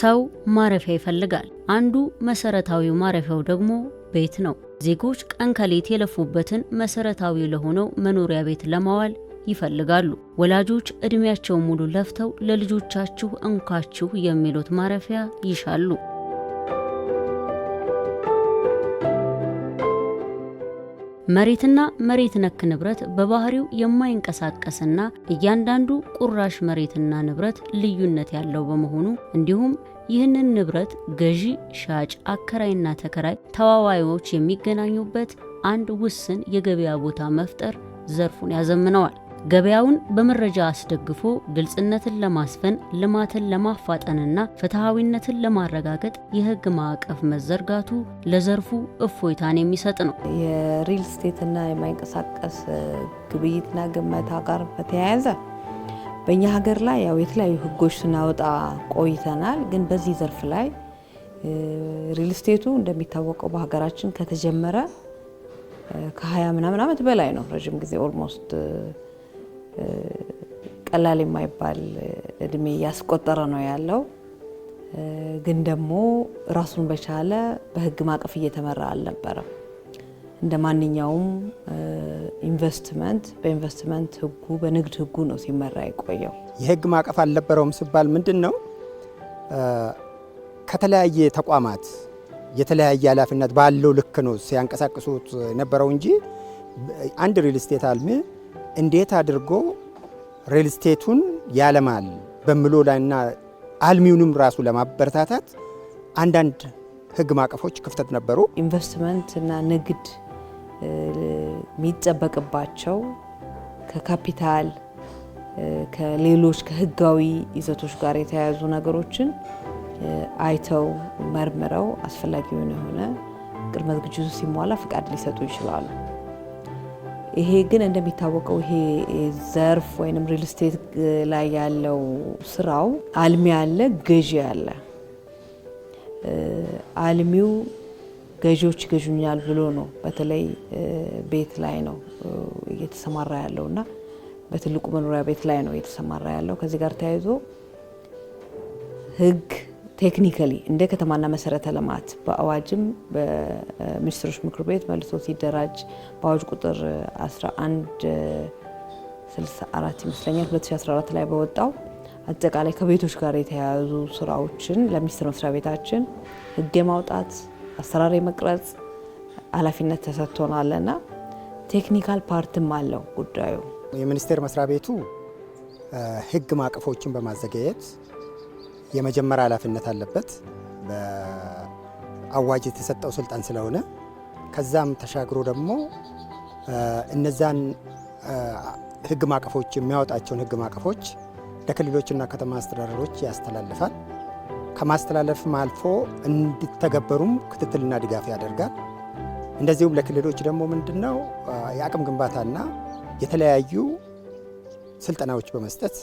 ሰው ማረፊያ ይፈልጋል። አንዱ መሰረታዊው ማረፊያው ደግሞ ቤት ነው። ዜጎች ቀን ከሌት የለፉበትን መሰረታዊ ለሆነው መኖሪያ ቤት ለማዋል ይፈልጋሉ። ወላጆች እድሜያቸውን ሙሉ ለፍተው ለልጆቻችሁ እንኳችሁ የሚሉት ማረፊያ ይሻሉ። መሬትና መሬት ነክ ንብረት በባህሪው የማይንቀሳቀስና እያንዳንዱ ቁራሽ መሬትና ንብረት ልዩነት ያለው በመሆኑ እንዲሁም ይህንን ንብረት ገዢ፣ ሻጭ፣ አከራይና ተከራይ ተዋዋዮች የሚገናኙበት አንድ ውስን የገበያ ቦታ መፍጠር ዘርፉን ያዘምነዋል። ገበያውን በመረጃ አስደግፎ ግልጽነትን ለማስፈን ልማትን ለማፋጠንና ፍትሐዊነትን ለማረጋገጥ የህግ ማዕቀፍ መዘርጋቱ ለዘርፉ እፎይታን የሚሰጥ ነው። የሪል ስቴትና የማይንቀሳቀስ ግብይትና ግመታ ጋር በተያያዘ በእኛ ሀገር ላይ ያው የተለያዩ ህጎች ስናወጣ ቆይተናል። ግን በዚህ ዘርፍ ላይ ሪል ስቴቱ እንደሚታወቀው በሀገራችን ከተጀመረ ከሀያ ምናምን ዓመት በላይ ነው። ረዥም ጊዜ ኦልሞስት ቀላል የማይባል እድሜ እያስቆጠረ ነው ያለው። ግን ደግሞ ራሱን በቻለ በህግ ማቀፍ እየተመራ አልነበረም። እንደ ማንኛውም ኢንቨስትመንት በኢንቨስትመንት ህጉ በንግድ ህጉ ነው ሲመራ የቆየው። የህግ ማቀፍ አልነበረውም ሲባል ምንድን ነው? ከተለያየ ተቋማት የተለያየ ኃላፊነት ባለው ልክ ነው ሲያንቀሳቅሱት የነበረው እንጂ አንድ ሪል ስቴት አልሚ እንዴት አድርጎ ሪል ስቴቱን ያለማል በምሎ ላይና አልሚውንም ራሱ ለማበረታታት አንዳንድ ህግ ማቀፎች ክፍተት ነበሩ። ኢንቨስትመንት እና ንግድ የሚጠበቅባቸው ከካፒታል ከሌሎች ከህጋዊ ይዘቶች ጋር የተያያዙ ነገሮችን አይተው መርምረው አስፈላጊውን የሆነ ቅድመ ዝግጅቱ ሲሟላ ፍቃድ ሊሰጡ ይችላሉ። ይሄ ግን እንደሚታወቀው ይሄ ዘርፍ ወይም ሪል ስቴት ላይ ያለው ስራው አልሚ አለ፣ ገዢ አለ። አልሚው ገዢዎች ይገዥኛል ብሎ ነው። በተለይ ቤት ላይ ነው እየተሰማራ ያለው እና በትልቁ መኖሪያ ቤት ላይ ነው እየተሰማራ ያለው። ከዚህ ጋር ተያይዞ ህግ ቴክኒካሊ እንደ ከተማና መሰረተ ልማት በአዋጅም በሚኒስትሮች ምክር ቤት መልሶ ሲደራጅ በአዋጅ ቁጥር 1164 ይመስለኛል 2014 ላይ በወጣው አጠቃላይ ከቤቶች ጋር የተያያዙ ስራዎችን ለሚኒስትር መስሪያ ቤታችን ህግ የማውጣት አሰራር የመቅረጽ ኃላፊነት ተሰጥቶናልና ቴክኒካል ፓርትም አለው ጉዳዩ። የሚኒስቴር መስሪያ ቤቱ ህግ ማቀፎችን በማዘጋጀት የመጀመሪያ ኃላፊነት አለበት። በአዋጅ የተሰጠው ስልጣን ስለሆነ ከዛም ተሻግሮ ደግሞ እነዛን ህግ ማቀፎች የሚያወጣቸውን ህግ ማቀፎች ለክልሎችና ከተማ አስተዳደሮች ያስተላልፋል። ከማስተላለፍም አልፎ እንዲተገበሩም ክትትልና ድጋፍ ያደርጋል። እንደዚሁም ለክልሎች ደግሞ ምንድነው የአቅም ግንባታና የተለያዩ ስልጠናዎች በመስጠት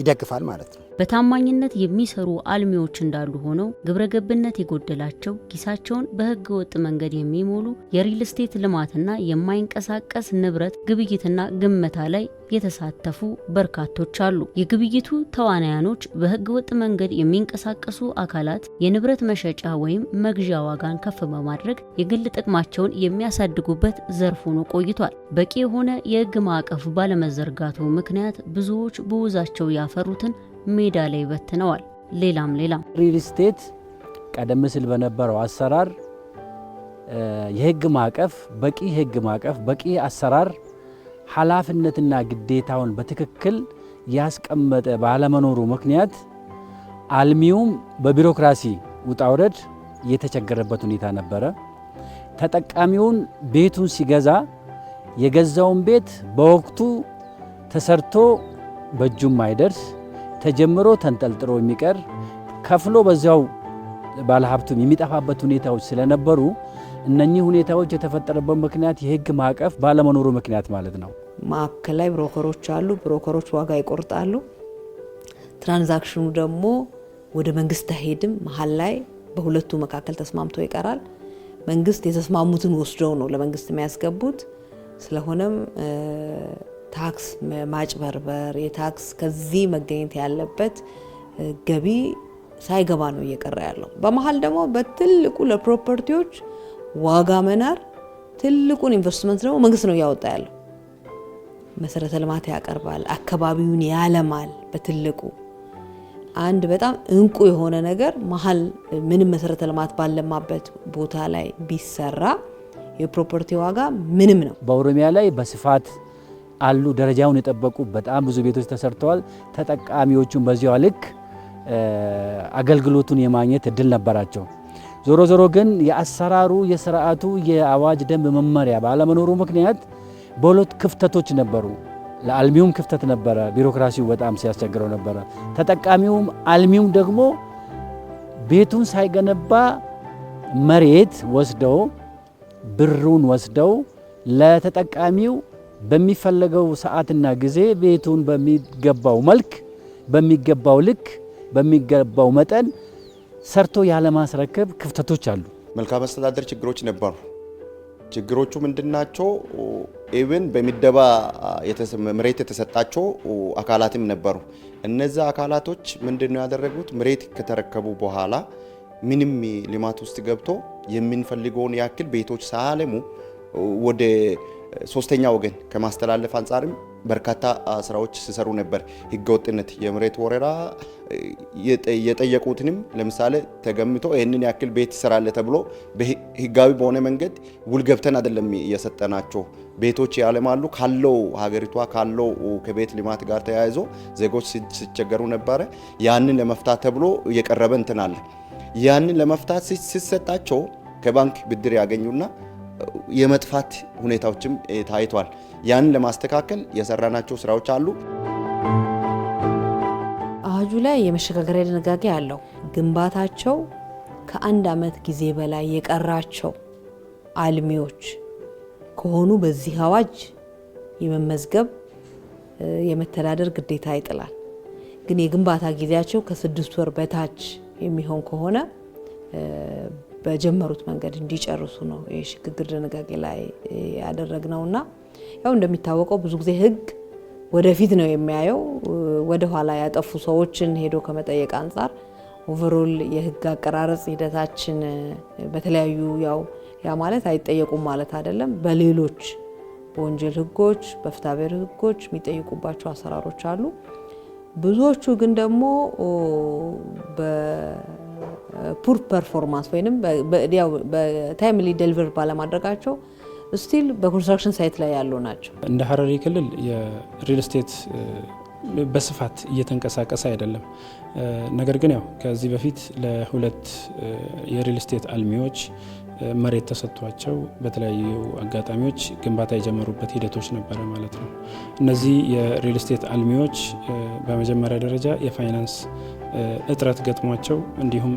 ይደግፋል ማለት ነው። በታማኝነት የሚሰሩ አልሚዎች እንዳሉ ሆነው ግብረገብነት የጎደላቸው ኪሳቸውን በህገ ወጥ መንገድ የሚሞሉ የሪል ስቴት ልማትና የማይንቀሳቀስ ንብረት ግብይትና ግመታ ላይ የተሳተፉ በርካቶች አሉ። የግብይቱ ተዋናያኖች በህገ ወጥ መንገድ የሚንቀሳቀሱ አካላት የንብረት መሸጫ ወይም መግዣ ዋጋን ከፍ በማድረግ የግል ጥቅማቸውን የሚያሳድጉበት ዘርፍ ሆኖ ቆይቷል። በቂ የሆነ የህግ ማዕቀፍ ባለመዘርጋቱ ምክንያት ብዙዎች በውዛቸው ያፈሩትን ሜዳ ላይ ይበትነዋል። ሌላም ሌላም ሪል ስቴት ቀደም ሲል በነበረው አሰራር የህግ ማዕቀፍ በቂ ህግ ማዕቀፍ በቂ አሰራር ኃላፊነትና ግዴታውን በትክክል ያስቀመጠ ባለመኖሩ ምክንያት አልሚውም በቢሮክራሲ ውጣውረድ የተቸገረበት ሁኔታ ነበረ። ተጠቃሚውን ቤቱን ሲገዛ የገዛውን ቤት በወቅቱ ተሰርቶ በእጁም አይደርስ ተጀምሮ ተንጠልጥሎ የሚቀር ከፍሎ በዚያው ባለሀብቱም የሚጠፋበት ሁኔታዎች ስለነበሩ እነኚህ ሁኔታዎች የተፈጠረበት ምክንያት የህግ ማዕቀፍ ባለመኖሩ ምክንያት ማለት ነው። ላይ ብሮከሮች አሉ። ብሮከሮች ዋጋ ይቆርጣሉ። ትራንዛክሽኑ ደግሞ ወደ መንግስት አይሄድም። መሀል ላይ በሁለቱ መካከል ተስማምቶ ይቀራል። መንግስት የተስማሙትን ወስደው ነው ለመንግስት የሚያስገቡት። ስለሆነም ታክስ ማጭበርበር፣ የታክስ ከዚህ መገኘት ያለበት ገቢ ሳይገባ ነው እየቀረ ያለው። በመሀል ደግሞ በትልቁ ለፕሮፐርቲዎች ዋጋ መናር፣ ትልቁን ኢንቨስትመንት ደግሞ መንግስት ነው እያወጣ ያለው። መሰረተ ልማት ያቀርባል፣ አካባቢውን ያለማል። በትልቁ አንድ በጣም እንቁ የሆነ ነገር መሀል ምንም መሰረተ ልማት ባለማበት ቦታ ላይ ቢሰራ የፕሮፐርቲ ዋጋ ምንም ነው። በኦሮሚያ ላይ በስፋት አሉ። ደረጃውን የጠበቁ በጣም ብዙ ቤቶች ተሰርተዋል። ተጠቃሚዎቹን በዚያው ልክ አገልግሎቱን የማግኘት እድል ነበራቸው። ዞሮ ዞሮ ግን የአሰራሩ የስርዓቱ የአዋጅ ደንብ መመሪያ ባለመኖሩ ምክንያት በሁለት ክፍተቶች ነበሩ። ለአልሚውም ክፍተት ነበረ፣ ቢሮክራሲው በጣም ሲያስቸግረው ነበረ። ተጠቃሚውም አልሚውም ደግሞ ቤቱን ሳይገነባ መሬት ወስደው ብሩን ወስደው ለተጠቃሚው በሚፈለገው ሰዓትና ጊዜ ቤቱን በሚገባው መልክ፣ በሚገባው ልክ፣ በሚገባው መጠን ሰርቶ ያለማስረከብ ክፍተቶች አሉ። መልካም አስተዳደር ችግሮች ነበሩ። ችግሮቹ ምንድናቸው? ኢቭን በሚደባ መሬት የተሰጣቸው አካላትም ነበሩ። እነዚ አካላቶች ምንድነው ያደረጉት? መሬት ከተረከቡ በኋላ ምንም ልማት ውስጥ ገብቶ የምንፈልገውን ያክል ቤቶች ሳያለሙ ወደ ሶስተኛ ወገን ከማስተላለፍ አንጻርም በርካታ ስራዎች ሲሰሩ ነበር። ህገወጥነት፣ የመሬት ወረራ የጠየቁትንም ለምሳሌ ተገምቶ ይህንን ያክል ቤት ይሰራለ ተብሎ ህጋዊ በሆነ መንገድ ውል ገብተን አይደለም እየሰጠናቸው ቤቶች ያለማሉ። ካለው ሀገሪቷ ካለው ከቤት ልማት ጋር ተያይዞ ዜጎች ሲቸገሩ ነበረ። ያንን ለመፍታት ተብሎ እየቀረበ እንትናለ ያንን ለመፍታት ሲሰጣቸው ከባንክ ብድር ያገኙና የመጥፋት ሁኔታዎችም ታይቷል። ያንን ለማስተካከል የሰራናቸው ስራዎች አሉ። አዋጁ ላይ የመሸጋገሪያ ድንጋጌ አለው። ግንባታቸው ከአንድ ዓመት ጊዜ በላይ የቀራቸው አልሚዎች ከሆኑ በዚህ አዋጅ የመመዝገብ የመተዳደር ግዴታ ይጥላል። ግን የግንባታ ጊዜያቸው ከስድስት ወር በታች የሚሆን ከሆነ በጀመሩት መንገድ እንዲጨርሱ ነው የሽግግር ድንጋጌ ላይ ያደረግነው እና ያው እንደሚታወቀው ብዙ ጊዜ ህግ ወደፊት ነው የሚያየው። ወደኋላ ያጠፉ ሰዎችን ሄዶ ከመጠየቅ አንጻር ኦቨሮል የህግ አቀራረጽ ሂደታችን በተለያዩ ያው ያ ማለት አይጠየቁም ማለት አይደለም። በሌሎች በወንጀል ህጎች በፍትሐብሔር ህጎች የሚጠይቁባቸው አሰራሮች አሉ። ብዙዎቹ ግን ደግሞ ፑር ፐርፎርማንስ ወይም በታይምሊ ደሊቨር ባለማድረጋቸው ስቲል በኮንስትራክሽን ሳይት ላይ ያሉ ናቸው። እንደ ሀረሪ ክልል የሪል ስቴት በስፋት እየተንቀሳቀሰ አይደለም። ነገር ግን ያው ከዚህ በፊት ለሁለት የሪል ስቴት አልሚዎች መሬት ተሰጥቷቸው በተለያዩ አጋጣሚዎች ግንባታ የጀመሩበት ሂደቶች ነበረ ማለት ነው። እነዚህ የሪል ስቴት አልሚዎች በመጀመሪያ ደረጃ የፋይናንስ እጥረት ገጥሟቸው እንዲሁም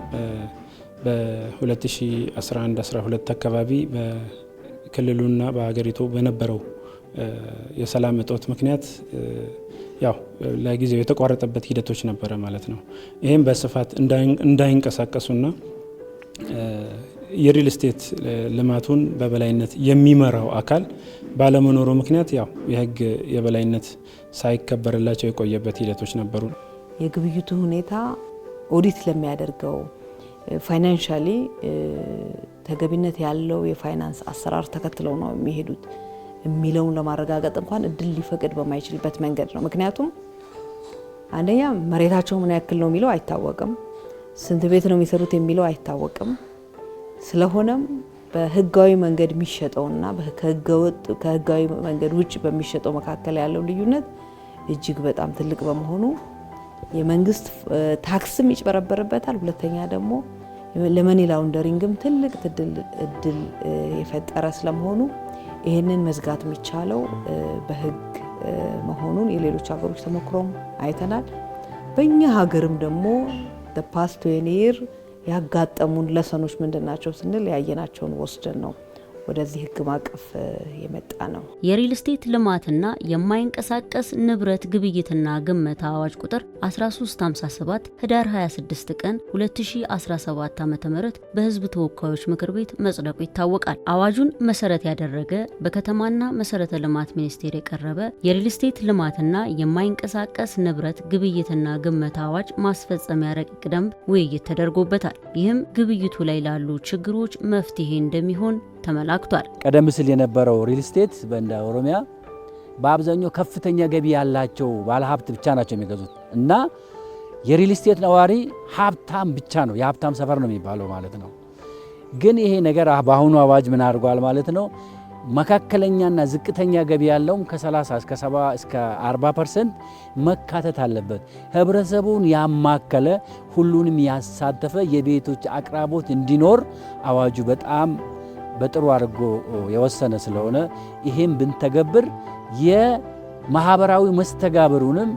በ2011-12 አካባቢ በክልሉና በሀገሪቱ በነበረው የሰላም እጦት ምክንያት ያው ለጊዜው የተቋረጠበት ሂደቶች ነበረ ማለት ነው። ይህም በስፋት እንዳይንቀሳቀሱና የሪል ስቴት ልማቱን በበላይነት የሚመራው አካል ባለመኖሩ ምክንያት ያው የህግ የበላይነት ሳይከበርላቸው የቆየበት ሂደቶች ነበሩ። የግብይቱ ሁኔታ ኦዲት ለሚያደርገው ፋይናንሻሊ ተገቢነት ያለው የፋይናንስ አሰራር ተከትለው ነው የሚሄዱት የሚለውን ለማረጋገጥ እንኳን እድል ሊፈቅድ በማይችልበት መንገድ ነው። ምክንያቱም አንደኛ መሬታቸው ምን ያክል ነው የሚለው አይታወቅም፣ ስንት ቤት ነው የሚሰሩት የሚለው አይታወቅም። ስለሆነም በህጋዊ መንገድ የሚሸጠውና ከህጋዊ መንገድ ውጭ በሚሸጠው መካከል ያለው ልዩነት እጅግ በጣም ትልቅ በመሆኑ የመንግስት ታክስም ይጭበረበርበታል። ሁለተኛ ደግሞ ለመኒ ላውንደሪንግም ትልቅ እድል የፈጠረ ስለመሆኑ ይህንን መዝጋት የሚቻለው በህግ መሆኑን የሌሎች ሀገሮች ተሞክሮም አይተናል። በእኛ ሀገርም ደግሞ ፓስት ዌኒር ያጋጠሙን ለሰኖች ምንድን ናቸው ስንል ያየናቸውን ወስደን ነው ወደዚህ ህግ ማቀፍ የመጣ ነው። የሪል ስቴት ልማትና የማይንቀሳቀስ ንብረት ግብይትና ግመታ አዋጅ ቁጥር 1357 ህዳር 26 ቀን 2017 ዓ ም በህዝብ ተወካዮች ምክር ቤት መጽደቁ ይታወቃል። አዋጁን መሰረት ያደረገ በከተማና መሰረተ ልማት ሚኒስቴር የቀረበ የሪል ስቴት ልማትና የማይንቀሳቀስ ንብረት ግብይትና ግመታ አዋጅ ማስፈጸሚያ ረቂቅ ደንብ ውይይት ተደርጎበታል። ይህም ግብይቱ ላይ ላሉ ችግሮች መፍትሄ እንደሚሆን ተመላክቷል። ቀደም ሲል የነበረው ሪል ስቴት በእንደ ኦሮሚያ በአብዛኛው ከፍተኛ ገቢ ያላቸው ባለሀብት ብቻ ናቸው የሚገዙት እና የሪል ስቴት ነዋሪ ሀብታም ብቻ ነው፣ የሀብታም ሰፈር ነው የሚባለው ማለት ነው። ግን ይሄ ነገር በአሁኑ አዋጅ ምን አድርጓል ማለት ነው መካከለኛና ዝቅተኛ ገቢ ያለውም ከ30 እስከ 70 እስከ 40 ፐርሰንት መካተት አለበት። ህብረተሰቡን ያማከለ ሁሉንም ያሳተፈ የቤቶች አቅራቦት እንዲኖር አዋጁ በጣም በጥሩ አድርጎ የወሰነ ስለሆነ ይሄም ብንተገብር የማህበራዊ መስተጋብሩንም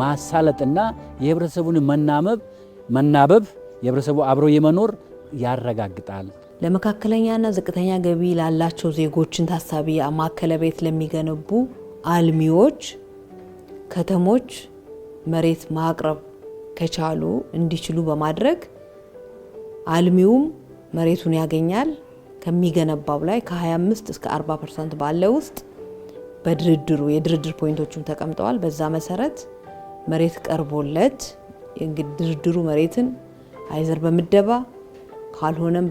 ማሳለጥና የህብረተሰቡን መናበብ መናበብ የህብረተሰቡ አብሮ የመኖር ያረጋግጣል። ለመካከለኛና ዝቅተኛ ገቢ ላላቸው ዜጎችን ታሳቢ ማዕከለ ቤት ለሚገነቡ አልሚዎች ከተሞች መሬት ማቅረብ ከቻሉ እንዲችሉ በማድረግ አልሚውም መሬቱን ያገኛል። ከሚገነባው ላይ ከ25 እስከ 40 ፐርሰንት ባለ ውስጥ በድርድሩ የድርድር ፖይንቶቹም ተቀምጠዋል። በዛ መሰረት መሬት ቀርቦለት ድርድሩ መሬትን አይዘር በምደባ ካልሆነም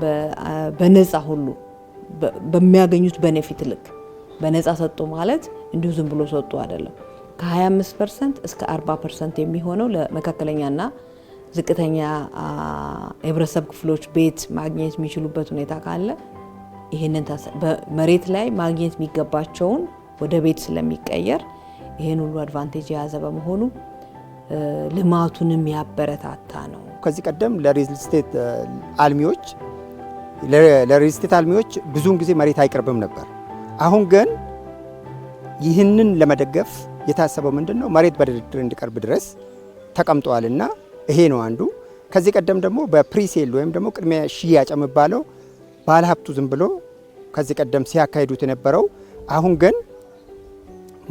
በነፃ ሁሉ በሚያገኙት በኔፊት ልክ በነፃ ሰጡ ማለት እንዲሁ ዝም ብሎ ሰጡ አይደለም። ከ25 ፐርሰንት እስከ 40 ፐርሰንት የሚሆነው ለመካከለኛና ዝቅተኛ የህብረተሰብ ክፍሎች ቤት ማግኘት የሚችሉበት ሁኔታ ካለ ይህንን መሬት ላይ ማግኘት የሚገባቸውን ወደ ቤት ስለሚቀየር ይህን ሁሉ አድቫንቴጅ የያዘ በመሆኑ ልማቱንም ያበረታታ ነው። ከዚህ ቀደም ለሪል ስቴት አልሚዎች ለሪል ስቴት አልሚዎች ብዙውን ጊዜ መሬት አይቀርብም ነበር። አሁን ግን ይህንን ለመደገፍ የታሰበው ምንድን ነው? መሬት በድርድር እንዲቀርብ ድረስ ተቀምጠዋልና ይሄ ነው አንዱ። ከዚህ ቀደም ደግሞ በፕሪሴል ወይም ደግሞ ቅድሚያ ሽያጭ የሚባለው ባለሀብቱ ዝም ብሎ ከዚህ ቀደም ሲያካሂዱት የነበረው። አሁን ግን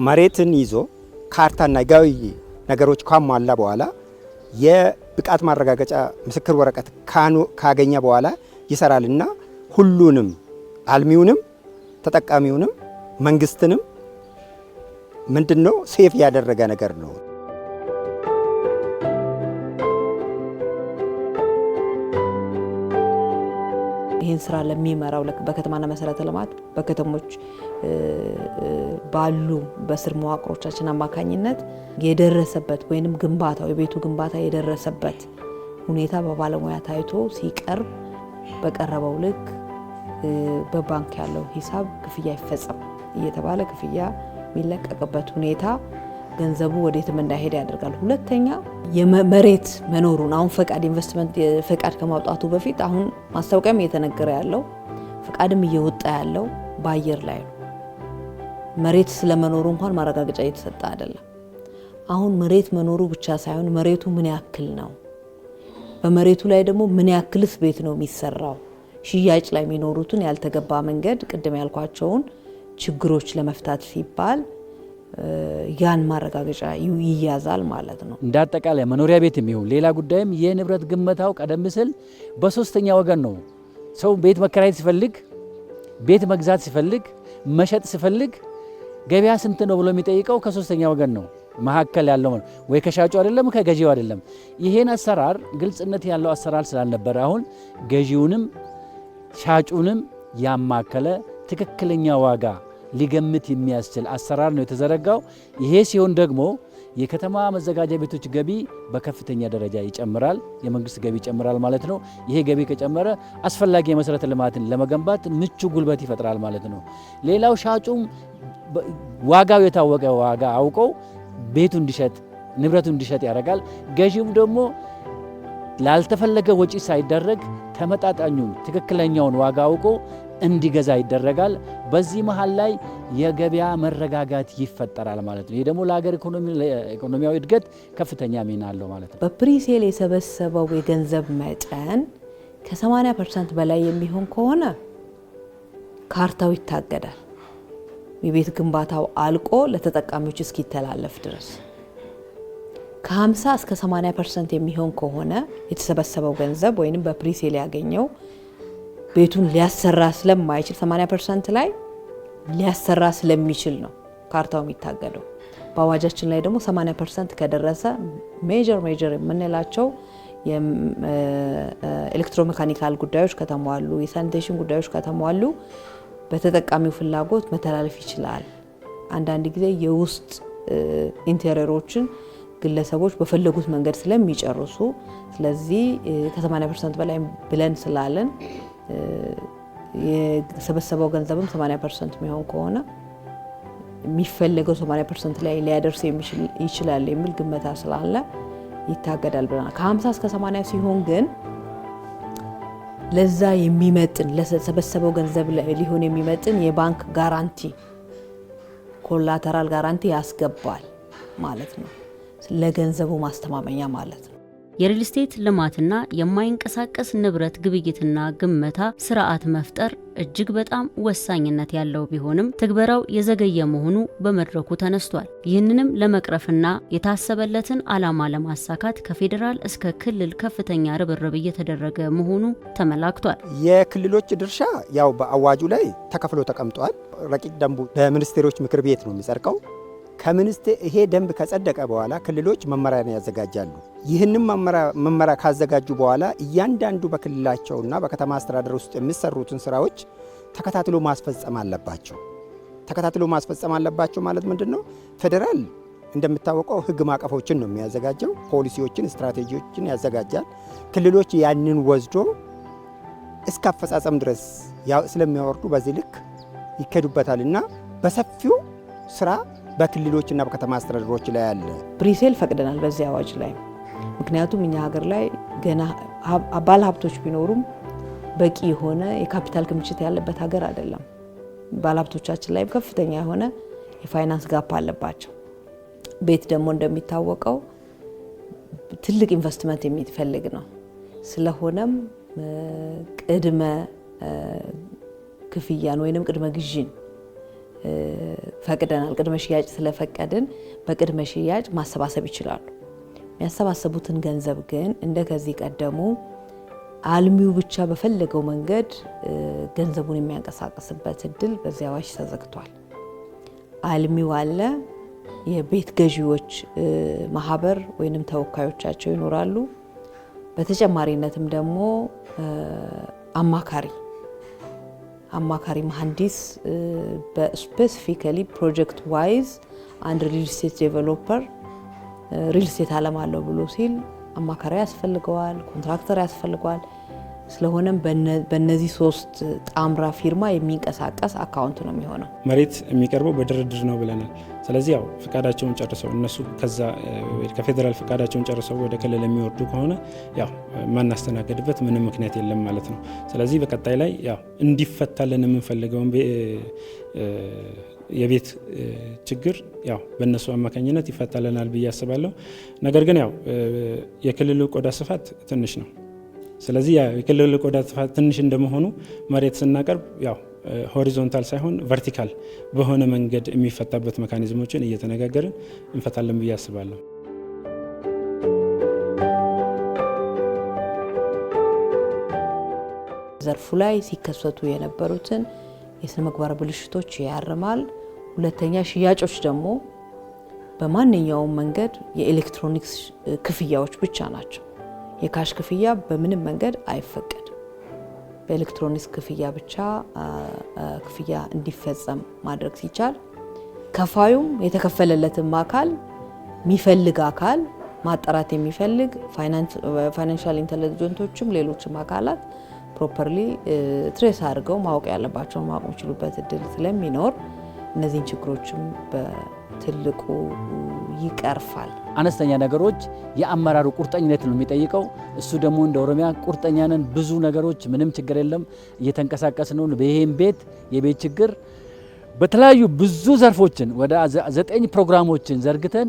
መሬትን ይዞ ካርታና ጋዊ ነገሮች ካሟላ በኋላ የብቃት ማረጋገጫ ምስክር ወረቀት ካገኘ በኋላ ይሰራልና ሁሉንም አልሚውንም ተጠቃሚውንም መንግስትንም ምንድን ነው ሴፍ ያደረገ ነገር ነው። ይህን ስራ ለሚመራው በከተማና መሰረተ ልማት በከተሞች ባሉ በስር መዋቅሮቻችን አማካኝነት የደረሰበት ወይም ግንባታው የቤቱ ግንባታ የደረሰበት ሁኔታ በባለሙያ ታይቶ ሲቀርብ በቀረበው ልክ በባንክ ያለው ሂሳብ ክፍያ ይፈጸም እየተባለ ክፍያ የሚለቀቅበት ሁኔታ ገንዘቡ ወዴትም እንዳይሄድ ያደርጋል። ሁለተኛ የመሬት መኖሩን አሁን ፈቃድ ኢንቨስትመንት ፈቃድ ከማውጣቱ በፊት አሁን ማስታወቂያም እየተነገረ ያለው ፈቃድም እየወጣ ያለው በአየር ላይ ነው። መሬት ስለመኖሩ እንኳን ማረጋገጫ እየተሰጠ አይደለም። አሁን መሬት መኖሩ ብቻ ሳይሆን መሬቱ ምን ያክል ነው፣ በመሬቱ ላይ ደግሞ ምን ያክልስ ቤት ነው የሚሰራው፣ ሽያጭ ላይ የሚኖሩትን ያልተገባ መንገድ፣ ቅድም ያልኳቸውን ችግሮች ለመፍታት ሲባል ያን ማረጋገጫ ይያዛል ማለት ነው። እንደ አጠቃላይ መኖሪያ ቤት የሚሆን ሌላ ጉዳይም የንብረት ግመታው ቀደም ሲል በሶስተኛ ወገን ነው። ሰው ቤት መከራየት ሲፈልግ፣ ቤት መግዛት ሲፈልግ፣ መሸጥ ሲፈልግ ገበያ ስንት ነው ብሎ የሚጠይቀው ከሶስተኛ ወገን ነው መካከል ያለው ወይ ከሻጩ አይደለም ከገዢው አይደለም። ይሄን አሰራር ግልጽነት ያለው አሰራር ስላልነበረ አሁን ገዢውንም ሻጩንም ያማከለ ትክክለኛ ዋጋ ሊገምት የሚያስችል አሰራር ነው የተዘረጋው። ይሄ ሲሆን ደግሞ የከተማ መዘጋጃ ቤቶች ገቢ በከፍተኛ ደረጃ ይጨምራል፣ የመንግስት ገቢ ይጨምራል ማለት ነው። ይሄ ገቢ ከጨመረ አስፈላጊ የመሰረተ ልማትን ለመገንባት ምቹ ጉልበት ይፈጥራል ማለት ነው። ሌላው ሻጩም ዋጋው የታወቀ ዋጋ አውቀው ቤቱ እንዲሸጥ ንብረቱ እንዲሸጥ ያደርጋል። ገዢውም ደግሞ ላልተፈለገ ወጪ ሳይደረግ ተመጣጣኙን ትክክለኛውን ዋጋ አውቆ እንዲገዛ ይደረጋል። በዚህ መሀል ላይ የገበያ መረጋጋት ይፈጠራል ማለት ነው። ይህ ደግሞ ለሀገር ኢኮኖሚያዊ እድገት ከፍተኛ ሚና አለው ማለት ነው። በፕሪሴል የሰበሰበው የገንዘብ መጠን ከ80 ፐርሰንት በላይ የሚሆን ከሆነ ካርታው ይታገዳል። የቤት ግንባታው አልቆ ለተጠቃሚዎች እስኪተላለፍ ድረስ ከ50 እስከ 80 ፐርሰንት የሚሆን ከሆነ የተሰበሰበው ገንዘብ ወይም በፕሪሴል ያገኘው ቤቱን ሊያሰራ ስለማይችል 80 ፐርሰንት ላይ ሊያሰራ ስለሚችል ነው ካርታው የሚታገደው። በአዋጃችን ላይ ደግሞ 80 ፐርሰንት ከደረሰ ሜጀር ሜጀር የምንላቸው የኤሌክትሮሜካኒካል ጉዳዮች ከተሟሉ፣ የሳኒቴሽን ጉዳዮች ከተሟሉ በተጠቃሚው ፍላጎት መተላለፍ ይችላል። አንዳንድ ጊዜ የውስጥ ኢንቴሪሮችን ግለሰቦች በፈለጉት መንገድ ስለሚጨርሱ ስለዚህ ከ80 ፐርሰንት በላይ ብለን ስላለን የሰበሰበው ገንዘብም 80 ፐርሰንት የሚሆን ከሆነ የሚፈለገው 80 ፐርሰንት ላይ ሊያደርስ ይችላል የሚል ግመታ ስላለ ይታገዳል ብለናል። ከ50 እስከ 80 ሲሆን ግን ለዛ የሚመጥን ለሰበሰበው ገንዘብ ሊሆን የሚመጥን የባንክ ጋራንቲ ኮላተራል ጋራንቲ ያስገባል ማለት ነው። ለገንዘቡ ማስተማመኛ ማለት ነው። የሪል ስቴት ልማትና የማይንቀሳቀስ ንብረት ግብይትና ግመታ ስርዓት መፍጠር እጅግ በጣም ወሳኝነት ያለው ቢሆንም ትግበራው የዘገየ መሆኑ በመድረኩ ተነስቷል። ይህንንም ለመቅረፍና የታሰበለትን ዓላማ ለማሳካት ከፌዴራል እስከ ክልል ከፍተኛ ርብርብ እየተደረገ መሆኑ ተመላክቷል። የክልሎች ድርሻ ያው በአዋጁ ላይ ተከፍሎ ተቀምጧል። ረቂቅ ደንቡ በሚኒስቴሮች ምክር ቤት ነው የሚጸድቀው። ከምንስት ይሄ ደንብ ከጸደቀ በኋላ ክልሎች መመሪያን ያዘጋጃሉ። ይህንም መመሪያ ካዘጋጁ በኋላ እያንዳንዱ በክልላቸውና በከተማ አስተዳደር ውስጥ የሚሰሩትን ስራዎች ተከታትሎ ማስፈጸም አለባቸው። ተከታትሎ ማስፈጸም አለባቸው ማለት ምንድን ነው? ፌዴራል እንደሚታወቀው ህግ ማዕቀፎችን ነው የሚያዘጋጀው። ፖሊሲዎችን፣ ስትራቴጂዎችን ያዘጋጃል። ክልሎች ያንን ወስዶ እስከ አፈጻጸም ድረስ ስለሚያወርዱ በዚህ ልክ ይከዱበታል እና በሰፊው ስራ በክልሎችና በከተማ አስተዳደሮች ላይ አለ። ፕሪሴል ፈቅደናል በዚህ አዋጅ ላይ ምክንያቱም እኛ ሀገር ላይ ገና ባለ ሀብቶች ቢኖሩም በቂ የሆነ የካፒታል ክምችት ያለበት ሀገር አይደለም። ባለሀብቶቻችን ሀብቶቻችን ላይ ከፍተኛ የሆነ የፋይናንስ ጋፕ አለባቸው። ቤት ደግሞ እንደሚታወቀው ትልቅ ኢንቨስትመንት የሚፈልግ ነው። ስለሆነም ቅድመ ክፍያን ወይንም ቅድመ ግዥን ፈቅደናል። ቅድመ ሽያጭ ስለፈቀድን በቅድመ ሽያጭ ማሰባሰብ ይችላሉ። የሚያሰባሰቡትን ገንዘብ ግን እንደ ከዚህ ቀደሙ አልሚው ብቻ በፈለገው መንገድ ገንዘቡን የሚያንቀሳቅስበት እድል በዚህ አዋጅ ተዘግቷል። አልሚው አለ፣ የቤት ገዢዎች ማህበር ወይንም ተወካዮቻቸው ይኖራሉ። በተጨማሪነትም ደግሞ አማካሪ አማካሪ መሀንዲስ በስፔሲፊካሊ ፕሮጀክት ዋይዝ አንድ ሪል ስቴት ዴቨሎፐር ሪል ስቴት አለም አለው ብሎ ሲል አማካሪ ያስፈልገዋል፣ ኮንትራክተር ያስፈልገዋል። ስለሆነም በእነዚህ ሶስት ጣምራ ፊርማ የሚንቀሳቀስ አካውንት ነው የሚሆነው። መሬት የሚቀርበው በድርድር ነው ብለናል። ስለዚህ ያው ፍቃዳቸውን ጨርሰው እነሱ ከዛ ከፌዴራል ፍቃዳቸውን ጨርሰው ወደ ክልል የሚወርዱ ከሆነ ያው የማናስተናገድበት ምንም ምክንያት የለም ማለት ነው። ስለዚህ በቀጣይ ላይ ያው እንዲፈታልን የምንፈልገውን የቤት ችግር ያው በእነሱ አማካኝነት ይፈታልናል ብዬ አስባለሁ። ነገር ግን ያው የክልሉ ቆዳ ስፋት ትንሽ ነው። ስለዚህ የክልል ቆዳ ስፋት ትንሽ እንደመሆኑ መሬት ስናቀርብ ያው ሆሪዞንታል ሳይሆን ቨርቲካል በሆነ መንገድ የሚፈታበት መካኒዝሞችን እየተነጋገርን እንፈታለን ብዬ አስባለሁ። ዘርፉ ላይ ሲከሰቱ የነበሩትን የስነ ምግባር ብልሽቶች ያርማል። ሁለተኛ ሽያጮች ደግሞ በማንኛውም መንገድ የኤሌክትሮኒክስ ክፍያዎች ብቻ ናቸው። የካሽ ክፍያ በምንም መንገድ አይፈቀድም። በኤሌክትሮኒክስ ክፍያ ብቻ ክፍያ እንዲፈጸም ማድረግ ሲቻል ከፋዩም የተከፈለለትም አካል የሚፈልግ አካል ማጣራት የሚፈልግ ፋይናንሻል ኢንተለጀንቶችም ሌሎችም አካላት ፕሮፐርሊ ትሬስ አድርገው ማወቅ ያለባቸውን ማወቅ የሚችሉበት እድል ስለሚኖር እነዚህን ችግሮችም በትልቁ ይቀርፋል። አነስተኛ ነገሮች የአመራሩ ቁርጠኝነት ነው የሚጠይቀው። እሱ ደግሞ እንደ ኦሮሚያ ቁርጠኛ ነን፣ ብዙ ነገሮች፣ ምንም ችግር የለም፣ እየተንቀሳቀስ ነው። ይህም ቤት የቤት ችግር በተለያዩ ብዙ ዘርፎችን ወደ ዘጠኝ ፕሮግራሞችን ዘርግተን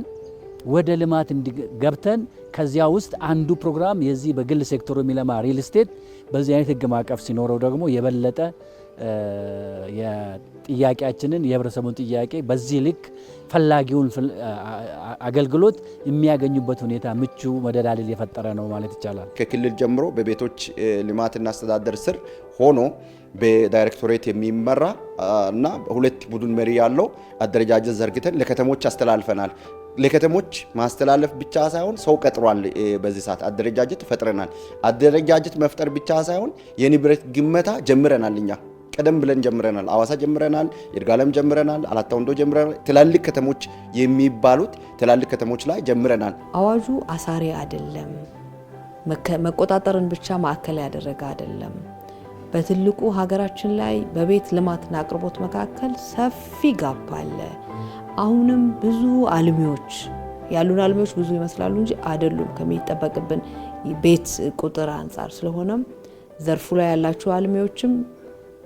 ወደ ልማት እንዲገብተን ከዚያ ውስጥ አንዱ ፕሮግራም የዚህ በግል ሴክተሩ የሚለማ ሪል ስቴት በዚህ አይነት ህግ ማዕቀፍ ሲኖረው ደግሞ የበለጠ ጥያቄያችንን የህብረተሰቡን ጥያቄ በዚህ ልክ ፈላጊውን አገልግሎት የሚያገኙበት ሁኔታ ምቹ መደላልል የፈጠረ ነው ማለት ይቻላል። ከክልል ጀምሮ በቤቶች ልማትና አስተዳደር ስር ሆኖ በዳይሬክቶሬት የሚመራ እና ሁለት ቡድን መሪ ያለው አደረጃጀት ዘርግተን ለከተሞች አስተላልፈናል። ለከተሞች ማስተላለፍ ብቻ ሳይሆን ሰው ቀጥሯል። በዚህ ሰዓት አደረጃጀት ፈጥረናል። አደረጃጀት መፍጠር ብቻ ሳይሆን የንብረት ግመታ ጀምረናል እኛ ቀደም ብለን ጀምረናል። አዋሳ ጀምረናል፣ ይርጋለም ጀምረናል፣ አላታ ወንዶ ጀምረናል። ትላልቅ ከተሞች የሚባሉት ትላልቅ ከተሞች ላይ ጀምረናል። አዋጁ አሳሪ አይደለም፣ መቆጣጠርን ብቻ ማዕከል ያደረገ አይደለም። በትልቁ ሀገራችን ላይ በቤት ልማትና አቅርቦት መካከል ሰፊ ጋፕ አለ። አሁንም ብዙ አልሚዎች ያሉን አልሚዎች ብዙ ይመስላሉ እንጂ አይደሉም ከሚጠበቅብን ቤት ቁጥር አንጻር። ስለሆነም ዘርፉ ላይ ያላችሁ አልሚዎችም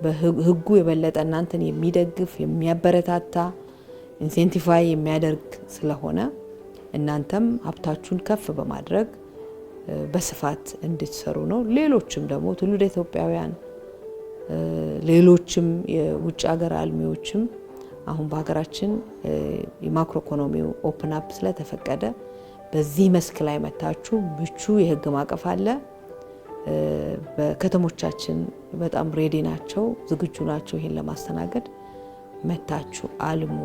በህጉ የበለጠ እናንተን የሚደግፍ የሚያበረታታ ኢንሴንቲፋይ የሚያደርግ ስለሆነ እናንተም ሀብታችሁን ከፍ በማድረግ በስፋት እንድትሰሩ ነው። ሌሎችም ደግሞ ትውልደ ኢትዮጵያውያን ሌሎችም የውጭ ሀገር አልሚዎችም አሁን በሀገራችን የማክሮ ኢኮኖሚው ኦፕን አፕ ስለተፈቀደ በዚህ መስክ ላይ መታችሁ ምቹ የህግ ማቀፍ አለ። በከተሞቻችን በጣም ሬዲ ናቸው፣ ዝግጁ ናቸው። ይሄን ለማስተናገድ መታችሁ አልሙ።